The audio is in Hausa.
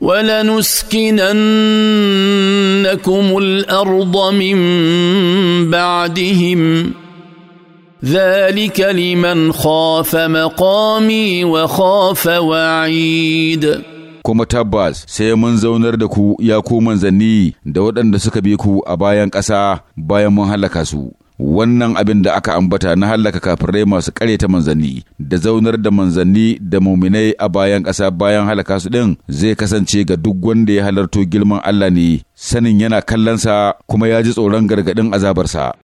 ولنسكننكم الارض من بعدهم ذلك لمن خاف مقامي وخاف وعيد kuma tabbas sai mun zaunar da ku ya ku manzanni da waɗanda suka bi ku a bayan ƙasa bayan mun halaka su wannan abin da aka ambata na hallaka kafirai masu ta manzanni da zaunar da manzanni da muminai a bayan ƙasa bayan halaka su ɗin zai kasance ga duk wanda ya halarto girman Allah ne sanin yana kallonsa kuma ya ji tsoron gargaɗin azabarsa.